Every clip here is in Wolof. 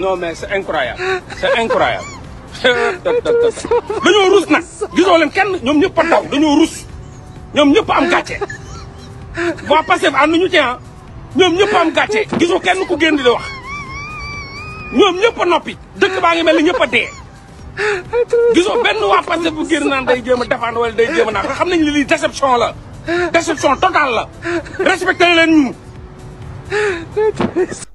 non mais c'est incroyable c'est incroyable. nous sommes russes. gisoo sommes kenn ñom sommes a nous sommes nous am nous sommes nous ñu ci nous sommes am sommes ah. gisoo kenn ku di wax a noppi nous sommes nous bu day défendre day xam la déception totale la respecté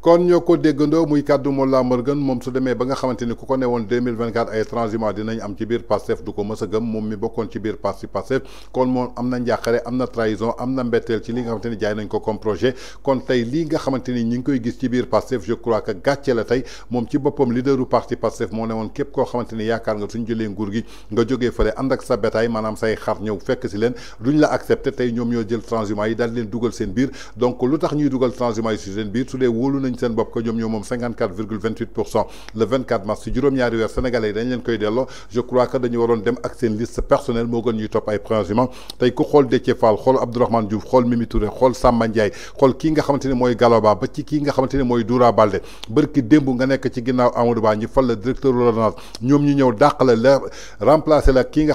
kon ñoo ko déggandoo muy kàddu Mollah Morgun moom su demee ba nga xamante ku ko ne woon 2024 ay transhumants am ci biir Pastef du ko mës a gëm moom mi bokkoon ci biir parti Pastef kon moom am na njàqare am na trahison am na mbetteel ci li nga xamante ni jaay nañ ko comme projet kon tey lii nga xamante ni ñi ngi koy gis ci biir Pastef je crois la tey moom ci boppam leaderu parti moo ne képp koo xamante yaakaar nga suñ jëlee nguur leen duñ la seen biir donc Diomaye si seen su dee wóolu nañ seen bopp ko ñoom ñoo moom 54 mars si juróom-ñaari weer sénégalais yi dañ leen koy delloo je crois que dañu waroon dem ak seen liste personnelle moo gën ñuy topp ay présidents tey ku xool Déthié Fall xool Abdourahmane Diouf xool Mimi xool Samba xool kii nga xamante ne mooy Galoba ba ci kii nga xamante mooy Doura bërki démb nga nekk ci ginnaaw Amadou Ba ñu fal la directeur l'ONAS ñoom ñu ñëw dàq la remplacer la kii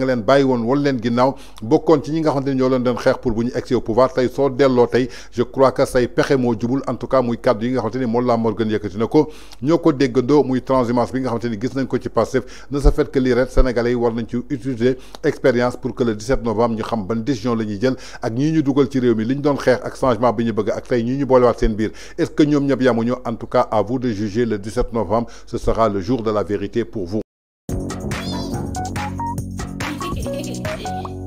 nga leen bàyyi woon len ginnaw ginnaaw ci ñi nga xamanteni ñoo leen doon xex pour buñu ñu au pouvoir tay so delloo tay je crois que say pexe moo jubul en tout cas muy cadre yi nga xamanteni mo la Morgan yëkkati nako ñoko ñoo ko muy transhumance bi nga xamanteni gis nañ ko ci passif ne ce fait que les ret sénégalais war nañ ci utiliser expérience pour que le 17 novembre ñu xam ban décision lañuy jël ak ñi ñu duggal ci réew mi liñ doon xex ak changement bi ñu bëgg ak tay ñi ñu wat seen biir est-ce que ñep yamu yamuñu en tout cas à vous de juger le 17 novembre ce sera le jour de la vérité pour vous Yeah.